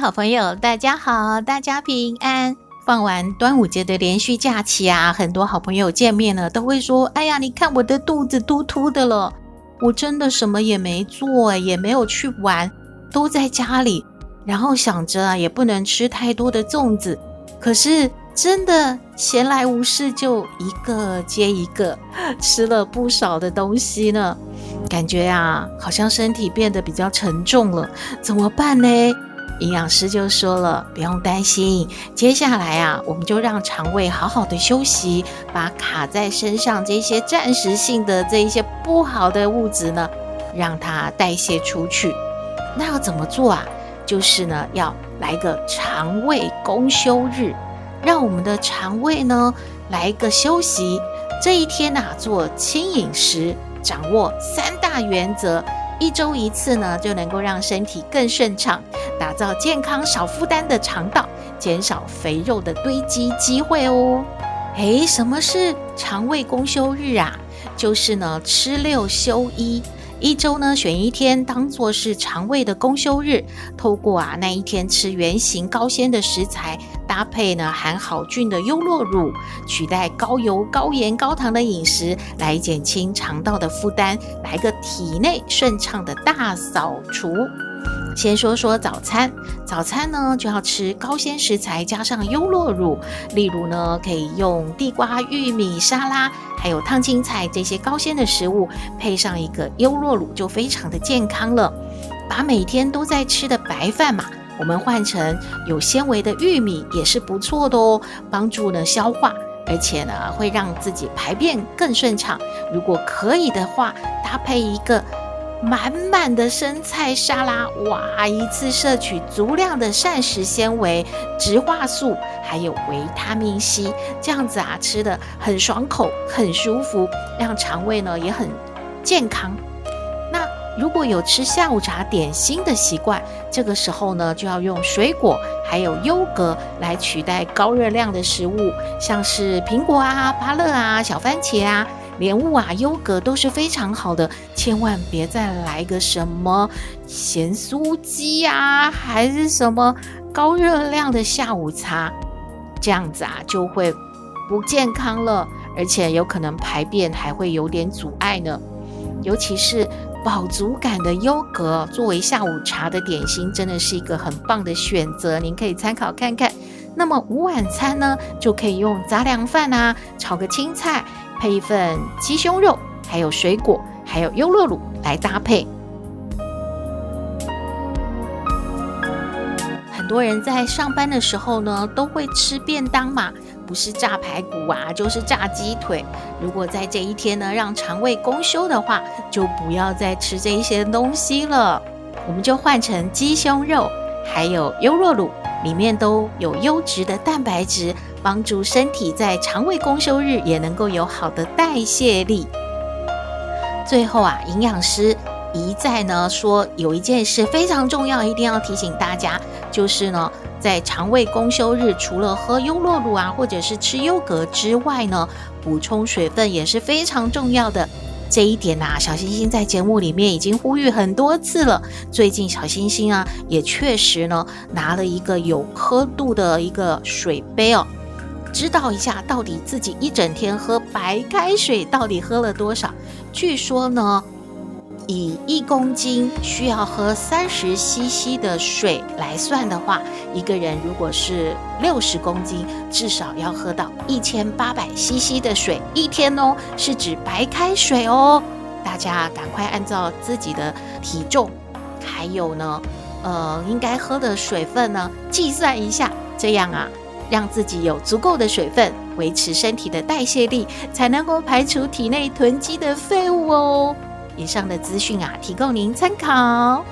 好朋友，大家好，大家平安。放完端午節的連續假期啊，很多好朋友見面了，都會說：“哎呀，你看我的肚子凸凸的了，我真的什麼也沒做，也沒有去玩，都在家裡。然後想着啊，也不能吃太多的粽子，可是真的閒來無事，就一個接一個吃了不少的東西呢。感覺呀、啊，好像身體變得比較沉重了，怎麼辦呢？”營養師就說了，不用擔心，接下來啊，我們就讓腸胃好好的休息，把卡在身上這些暫時性的這些不好的物質呢，讓它代謝出去。那要怎麼做啊？就是呢，要來個腸胃公休日，讓我們的腸胃呢來一個休息。這一天啊，做輕飲食，掌握三大原則，一周一次呢，就能夠讓身體更順暢。打造健康少負擔的腸道，減少肥肉的堆積機會哦。誒，什麼是腸胃公休日啊？就是呢，吃六休一，一周呢選一天當作是腸胃的公休日。透過啊那一天吃原型高纖的食材，搭配呢含好菌的優酪乳，乳，取代高油高鹽高糖的飲食，來減輕腸道的負擔，來個體內順暢的大掃除。先說說早餐，早餐呢就要吃高纖食材加上優酪乳，例如呢可以用地瓜、玉米沙拉，還有燙青菜這些高纖的食物，配上一個優酪乳就非常的健康了。把每天都在吃的白飯嘛，我們換成有纖維的玉米也是不錯的哦，幫助呢消化，而且呢會讓自己排便更順暢。如果可以的話，搭配一個。滿滿的生菜沙拉，哇！一次攝取足量的膳食纖維、植化素，還有維他命 C，這樣子啊，吃得很爽口，很舒服，讓腸胃呢也很健康。那如果有吃下午茶點心的習慣，這個時候呢，就要用水果還有優格來取代高熱量的食物，像是蘋果啊、芭樂啊、小番茄啊。蓮霧啊，優格都是非常好的，千萬別再來個什麼鹹酥雞啊，還是什麼高熱量的下午茶，這樣子啊就會不健康了，而且有可能排便還會有點阻礙呢。尤其是飽足感的優格作為下午茶的點心，真的是一個很棒的選擇，您可以參考看看。那麼午晚餐呢，就可以用雜糧飯啊，炒個青菜。配一份雞胸肉，還有水果，還有優酪乳來搭配。很多人在上班的時候呢，都會吃便當嘛，不是炸排骨啊，就是炸雞腿。如果在這一天呢，讓腸胃公休的話，就不要再吃這一些東西了。我們就換成雞胸肉，還有優酪乳。裡面都有優質的蛋白質，幫助身體在腸胃公休日也能夠有好的代謝力。最後啊，營養師一再呢說，有一件事非常重要，一定要提醒大家，就是呢，在腸胃公休日，除了喝優酪乳啊，或者是吃優格之外呢，補充水分也是非常重要的。這一點吶、啊，小星星在節目裡面已經呼籲很多次了。最近小星星啊，也確實呢拿了一個有刻度的一個水杯哦，知道一下到底自己一整天喝白開水到底喝了多少。據說呢。1> 以一公斤需要喝三十 CC 的水來算的話，一個人如果是六十公斤，至少要喝到一千八百 CC 的水一天哦，是指白開水哦。大家趕快按照自己的體重，還有呢，呃，應該喝的水分呢，計算一下，這樣啊，讓自己有足夠的水分，維持身體的代謝力，才能夠排除體內囤積的廢物哦。以上的資訊啊，提供您參考。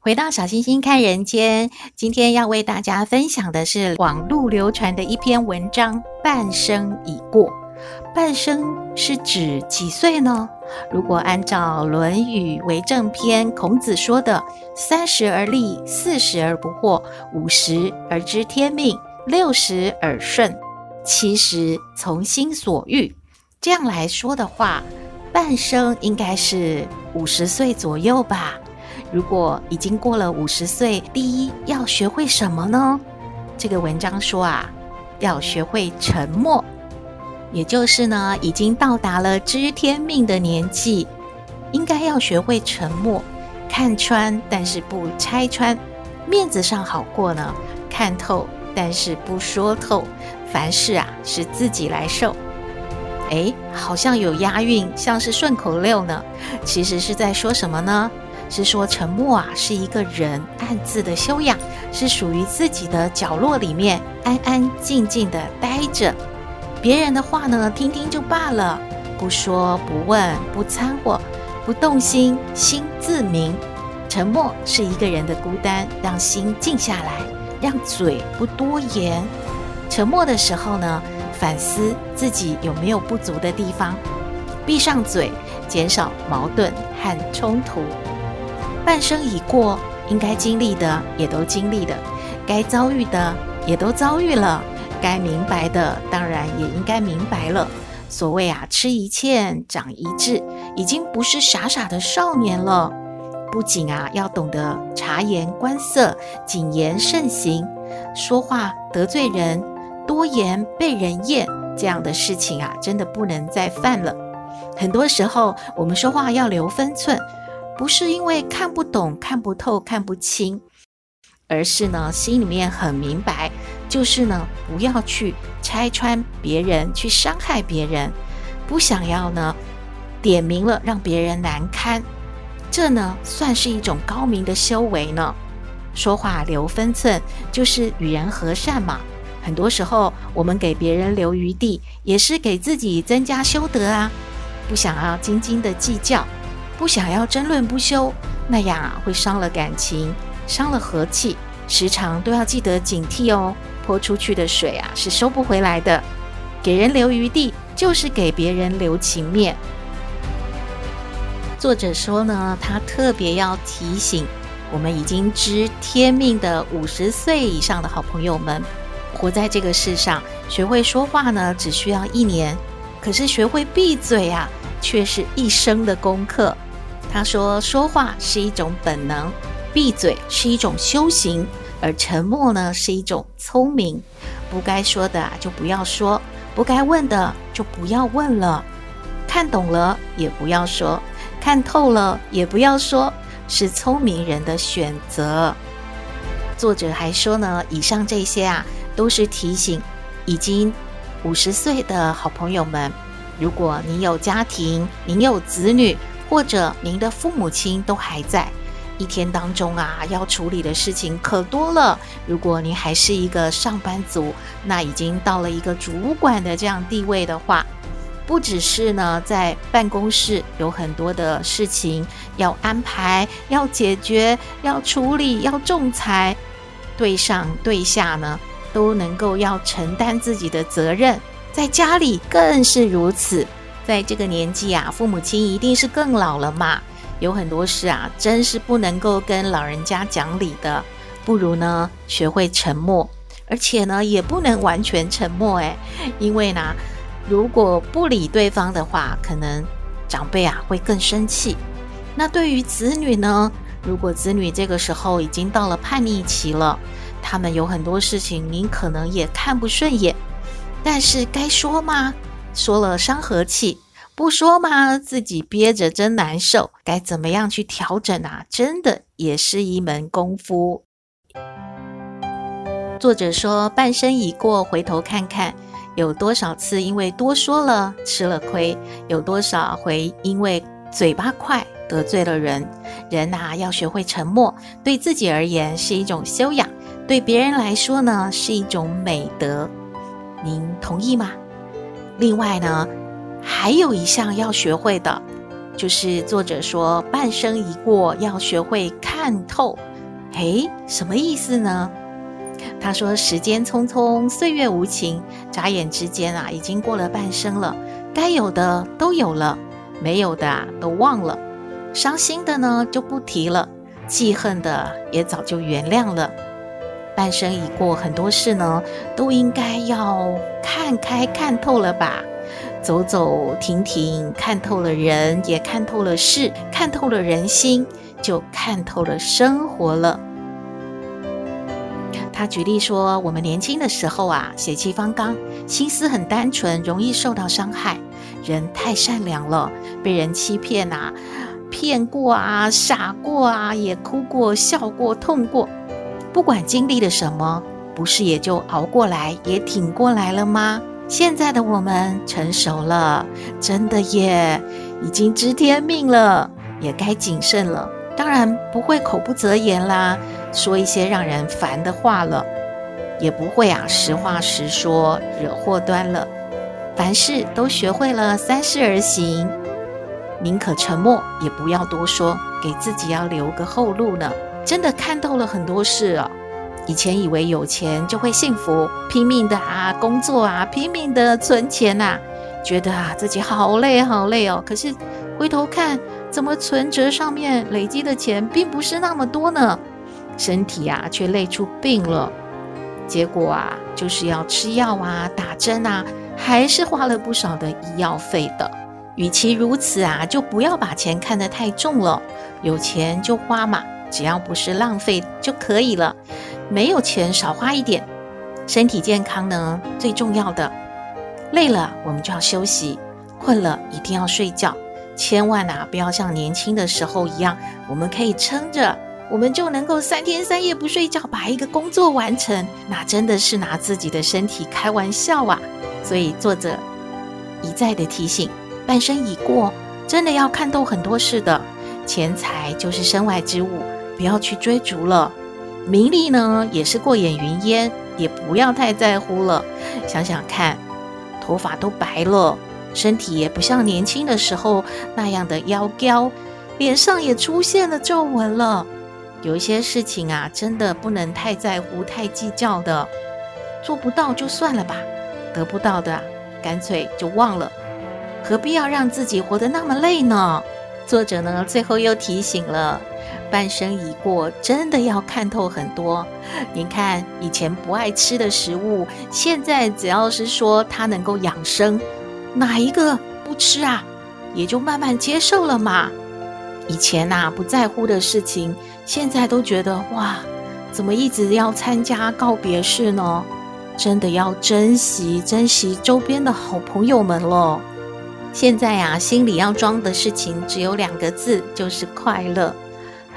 回到小星星看人間，今天要為大家分享的是網路流傳的一篇文章，《半生已過》。半生是指幾歲呢？如果按照《論語為政篇》孔子說的“三十而立，四十而不惑，五十而知天命，六十而順，七十從心所欲”，這樣來說的話，半生應該是五十歲左右吧。如果已經過了五十歲，第一要學會什麼呢？這個文章說啊，要學會沉默。也就是呢，已經到達了知天命的年紀，應該要學會沉默，看穿但是不拆穿，面子上好過呢，看透但是不說透，凡事啊是自己來受。哎，好像有押韻，像是順口溜呢。其實是在說什麼呢？是說沉默啊，是一個人暗自的修養，是屬於自己的角落裡面，安安靜靜的待着。別人的話呢，聽聽就罷了，不說不問不摻和，不動心，心自明。沉默是一個人的孤單，讓心靜下來，讓嘴不多言。沉默的時候呢，反思自己有沒有不足的地方，閉上嘴，減少矛盾和衝突。半生已過，應該經歷的也都經歷了，該遭遇的也都遭遇了。該明白的，當然也應該明白了。所謂啊，吃一塹長一智，已經不是傻傻的少年了。不僅啊，要懂得察言觀色、謹言慎行，說話得罪人、多言被人厭，這樣的事情啊，真的不能再犯了。很多時候，我們說話要留分寸，不是因為看不懂、看不透、看不清。而是呢，心裡面很明白，就是呢，不要去拆穿別人，去傷害別人，不想要呢，點名了讓別人難堪。這呢，算是一種高明的修為呢。說話留分寸，就是與人和善嘛。很多時候，我們給別人留餘地，也是給自己增加修德啊。不想要斤斤的計較，不想要爭論不休，那樣啊會傷了感情。傷了和氣，時常都要記得警惕哦。潑出去的水啊，是收不回來的。給人留餘地，就是給別人留情面。作者說呢，他特別要提醒我們已經知天命的五十歲以上的好朋友們，活在這個世上，學會說話呢，只需要一年；可是學會閉嘴啊，卻是一生的功課。他說，說話是一種本能。閉嘴是一種修行，而沉默呢是一種聰明。不該說的啊就不要說，不該問的就不要問了。看懂了也不要說，看透了也不要說，是聰明人的選擇。作者還說呢，以上這些啊，都是提醒已經五十歲的好朋友們。如果您有家庭，您有子女，或者您的父母親都還在。一天當中啊，要處理的事情可多了。如果你還是一個上班族，那已經到了一個主管的這樣地位的話，不只是呢在辦公室有很多的事情要安排、要解決、要處理、要仲裁，對上對下呢都能夠要承擔自己的責任。在家裡更是如此，在這個年紀啊，父母親一定是更老了嘛。有很多事啊，真是不能夠跟老人家講理的，不如呢學會沉默，而且呢也不能完全沉默，哎，因為呢，如果不理對方的話，可能長輩啊會更生氣。那對於子女呢，如果子女這個時候已經到了叛逆期了，他們有很多事情您可能也看不順眼，但是該說嗎？說了傷和氣。不說嘛，自己憋着真難受。該怎麼樣去調整啊？真的也是一門功夫。作者說，半生已過，回頭看看，有多少次因為多說了，吃了虧，有多少回因為嘴巴快得罪了人。人啊，要學會沉默，對自己而言是一種修養，對別人來說呢，是一種美德。您同意嗎？另外呢，還有一項要學會的，就是作者說半生已過，要學會看透。誒，什麼意思呢？他說時間匆匆，歲月無情，眨眼之間啊，已經過了半生了。該有的都有了，沒有的啊都忘了。傷心的呢就不提了，記恨的也早就原諒了。半生已過，很多事呢都應該要看開看透了吧。走走停停，看透了人，也看透了事，看透了人心，就看透了生活了。他舉例說，我們年輕的時候啊，血氣方剛，心思很單純，容易受到傷害，人太善良了，被人欺騙吶、啊，騙過啊，傻過啊，也哭過，笑過，痛過，不管經歷了什麼，不是也就熬過來，也挺過來了嗎？現在的我們成熟了，真的耶，已經知天命了，也該謹慎了。當然不會口不擇言啦，說一些讓人煩的話了，也不會啊實話實說惹禍端了。凡事都學會了三思而行，寧可沉默也不要多說，給自己要留個後路呢。真的看透了很多事啊。以前以為有錢就會幸福，拼命的啊工作啊，拼命的存錢啊，覺得啊自己好累好累哦。可是回頭看，怎麼存折上面累積的錢並不是那麼多呢？身體啊卻累出病了，結果啊就是要吃藥啊打針啊，還是花了不少的醫藥費的。與其如此啊，就不要把錢看得太重了，有錢就花嘛，只要不是浪費就可以了。沒有錢少花一點，身體健康呢最重要的。累了我們就要休息，困了一定要睡覺，千萬吶、啊，不要像年輕的時候一樣，我們可以撐着，我們就能夠三天三夜不睡覺把一個工作完成，那真的是拿自己的身體開玩笑啊！所以作者一再的提醒，半生已過，真的要看透很多事的，錢財就是身外之物，不要去追逐了。名利呢，也是過眼雲煙，也不要太在乎了。想想看，頭髮都白了，身體也不像年輕的時候那樣的妖嬌，臉上也出現了皺紋了。有一些事情啊，真的不能太在乎、太計較的，做不到就算了吧，得不到的乾脆就忘了，何必要讓自己活得那麼累呢？作者呢，最後又提醒了。半生已過，真的要看透很多。你看，以前不愛吃的食物，現在只要是說它能夠養生，哪一個不吃啊？也就慢慢接受了嘛。以前吶、啊，不在乎的事情，現在都覺得哇，怎麼一直要參加告別式呢？真的要珍惜珍惜周邊的好朋友們咯。現在呀、啊，心裡要裝的事情只有兩個字，就是快樂。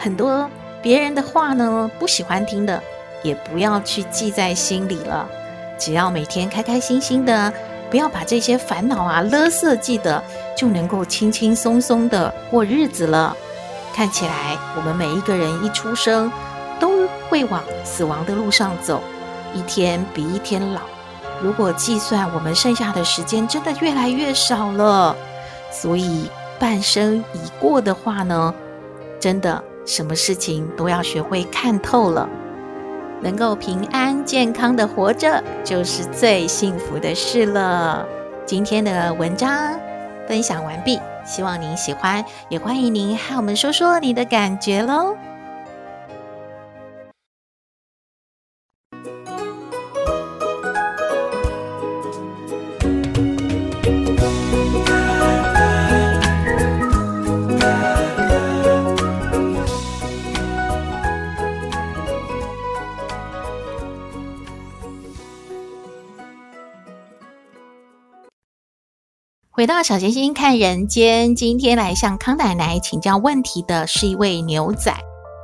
很多別人的話呢，不喜歡聽的，也不要去記在心裡了。只要每天開開心心的，不要把這些煩惱啊、垃圾記得，就能夠輕輕鬆鬆的過日子了。看起來我們每一個人一出生都會往死亡的路上走，一天比一天老。如果計算我們剩下的時間，真的越來越少了。所以半生已過的話呢，真的。什麼事情都要學會看透了，能夠平安健康的活着，就是最幸福的事了。今天的文章分享完畢，希望您喜歡，也歡迎您和我們說說你的感覺嘍。回到小星星看人間，今天來向康奶奶請教問題的是一位牛仔。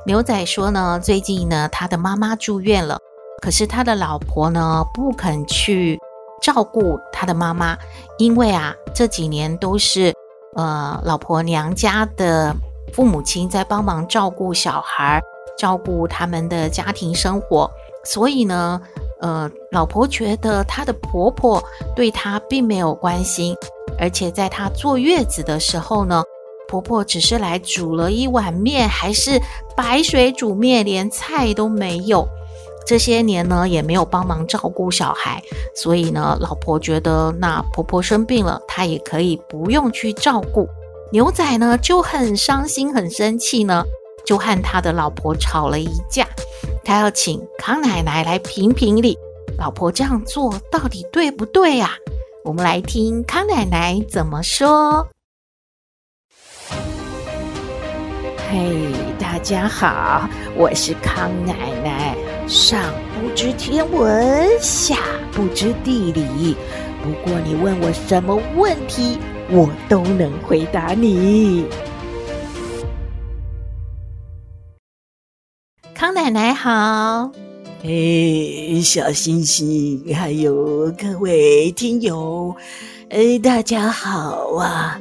牛仔說呢，最近呢，他的媽媽住院了，可是他的老婆呢不肯去照顧他的媽媽，因為啊，這幾年都是呃老婆娘家的父母親在幫忙照顧小孩，照顧他們的家庭生活，所以呢，呃，老婆覺得她的婆婆對她並沒有關心。而且在她坐月子的時候呢，婆婆只是來煮了一碗麵，還是白水煮麵，連菜都沒有。這些年呢，也沒有幫忙照顧小孩。所以呢，老婆覺得那婆婆生病了，她也可以不用去照顧。牛仔呢就很傷心、很生氣呢，就和他的老婆吵了一架。他要請康奶奶來評評理，老婆這樣做到底對不對呀、啊？我們來聽康奶奶怎麼說。嘿，hey, 大家好，我是康奶奶，上不知天文，下不知地理，不過你問我什麼問題，我都能回答你。康奶奶好。哎，小星星，還有各位聽友，哎，大家好啊！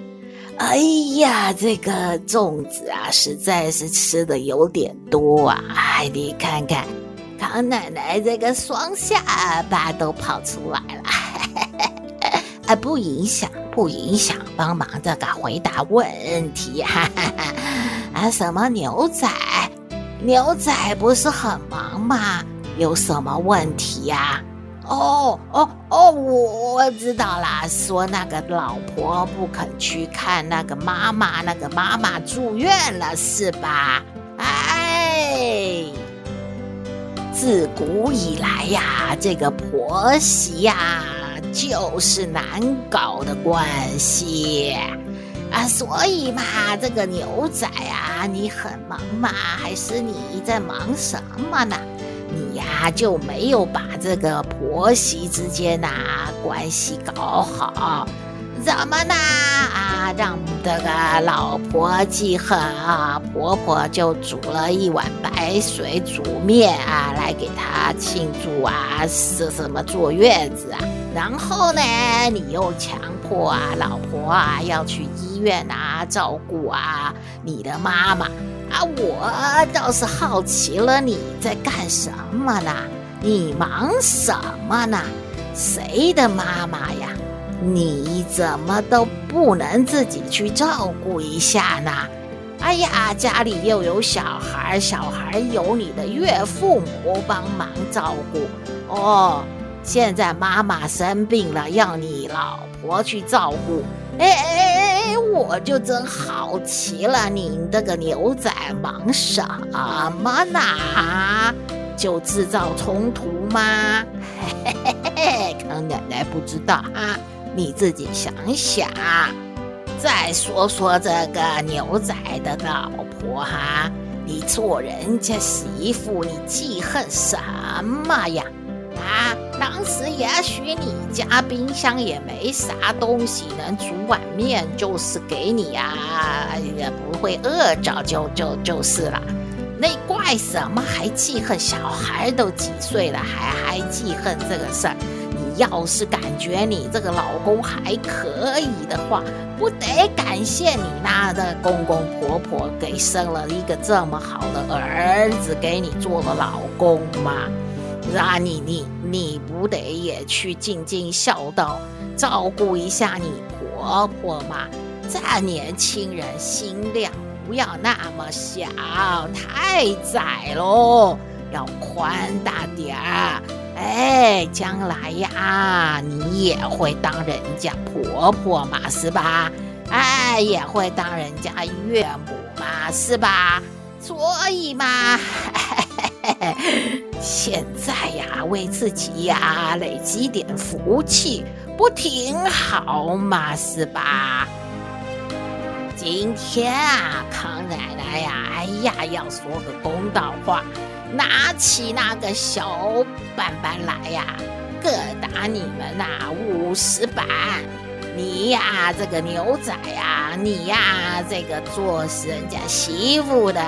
哎呀，這個粽子啊，實在是吃的有點多啊！哎，你看看康奶奶這個雙下巴都跑出來了，啊， 不影響，不影響，幫忙這個回答問題哈，啊， 什麼牛仔？牛仔不是很忙嗎？有什麼問題呀？哦哦哦，我知道啦，說那個老婆不肯去看那個媽媽，那個媽媽住院了是吧？哎，自古以來呀，這個婆媳呀就是難搞的關係啊，所以嘛，這個牛仔啊，你很忙嗎？還是你在忙什麼呢？你呀、啊，就沒有把這個婆媳之間吶、啊、關係搞好，怎麼呢？啊，讓這個老婆記恨啊，婆婆就煮了一碗白水煮麵啊，來給她慶祝啊，是什麼坐月子啊？然後呢，你又強迫啊老婆啊要去醫院啊照顧啊你的媽媽。啊，我倒是好奇了，你在幹什麼呢？你忙什麼呢？誰的媽媽呀？你怎麼都不能自己去照顧一下呢？哎呀，家裡又有小孩，小孩有你的岳父母幫忙照顧。哦，現在媽媽生病了，要你老婆去照顧。哎哎哎哎！我就真好奇了，你這個牛仔忙什麼呢？就製造衝突嗎？嘿嘿嘿嘿，康奶奶不知道啊，你自己想想。再說說這個牛仔的老婆哈、啊，你做人家媳婦，你記恨什麼呀？啊，當時也許你家冰箱也沒啥東西，能煮碗麵就是給你啊，也不會餓着就，就就就是了。那怪什麼還記恨？小孩都幾歲了，還還記恨這個事兒？你要是感覺你這個老公還可以的話，不得感謝你那的公公婆婆給生了一個這麼好的兒子給你做了老公嗎？那你你。你你不得也去盡盡孝道，照顧一下你婆婆嘛？這年輕人心量不要那麼小，太窄嘍，要寬大點兒。哎，將來呀、啊，你也會當人家婆婆嘛，是吧？哎，也會當人家岳母嘛，是吧？所以嘛。嘿嘿嘿嘿，現在呀，為自己呀累積點福氣，不挺好嘛？是吧？今天啊，康奶奶呀，哎呀，要說個公道話，拿起那個小板板來呀，各打你們吶五十板。你呀，這個牛仔呀，你呀，這個做人家媳婦的。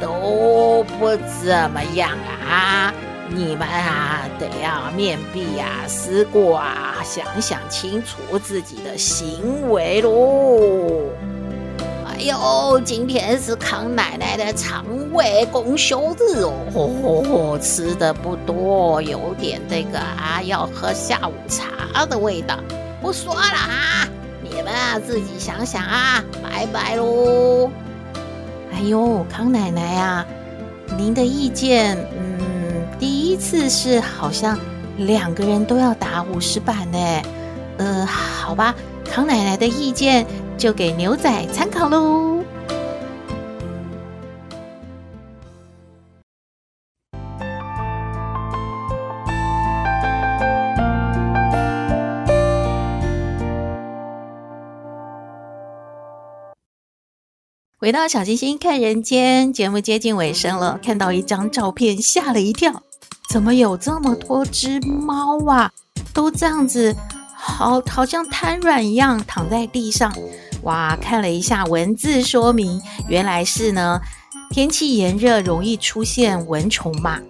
都不怎麼樣啊！你們啊，得要面壁啊，思過啊，想想清楚自己的行為咯。哎呦，今天是康奶奶的腸胃公休日哦，呵呵呵，吃得不多，有點這個啊，要喝下午茶的味道。不說了啊，你們啊，自己想想啊，拜拜嘍。哎呦，康奶奶呀、啊，您的意見，嗯，第一次是好像兩個人都要打五十板呢，呃，好吧，康奶奶的意見就給牛仔參考嘍。回到小星星看人間，節目接近尾聲了。看到一張照片，嚇了一跳，怎麼有這麼多隻貓啊？都這樣子，好，好像癱軟一樣躺在地上。哇，看了一下文字說明，原來是呢，天氣炎熱容易出現蚊蟲嘛。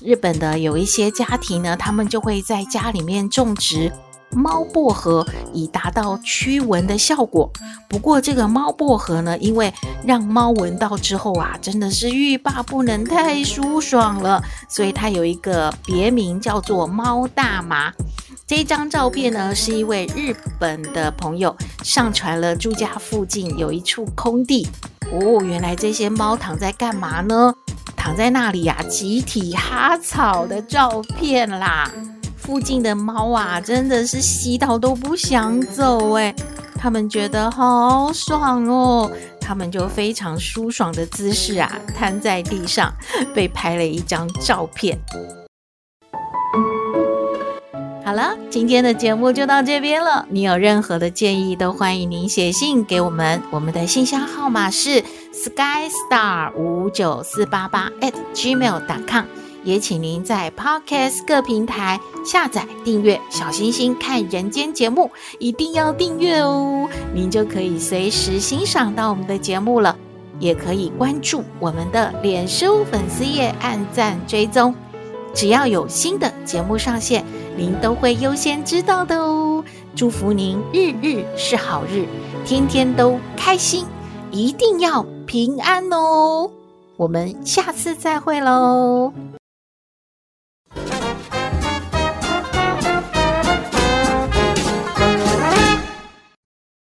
日本的有一些家庭呢，他們就會在家裡面種植。貓薄荷以達到驅蚊的效果。不過這個貓薄荷呢，因為讓貓聞到之後啊，真的是欲罷不能，太舒爽了，所以它有一個別名叫做貓大麻。這張照片呢，是一位日本的朋友上傳了住家附近有一處空地。哦，原來這些貓躺在幹嘛呢？躺在那裡呀，啊，集體哈草的照片啦。附近的貓啊，真的是吸到都不想走哎、欸，他們覺得好爽哦、喔，他們就非常舒爽的姿勢啊，癱在地上被拍了一張照片。嗯、好了，今天的節目就到這邊了，你有任何的建議，都歡迎您寫信給我們，我們的信箱號碼是 skystar 五九四八八 at gmail.com。也請您在 Podcast 各平台下載訂閱“小星星看人間”節目，一定要訂閱哦！您就可以隨時欣賞到我們的節目了。也可以關注我們的臉書粉絲頁，按讚追蹤，只要有新的節目上線，您都會優先知道的哦！祝福您日日是好日，天天都開心，一定要平安哦！我們下次再會嘍！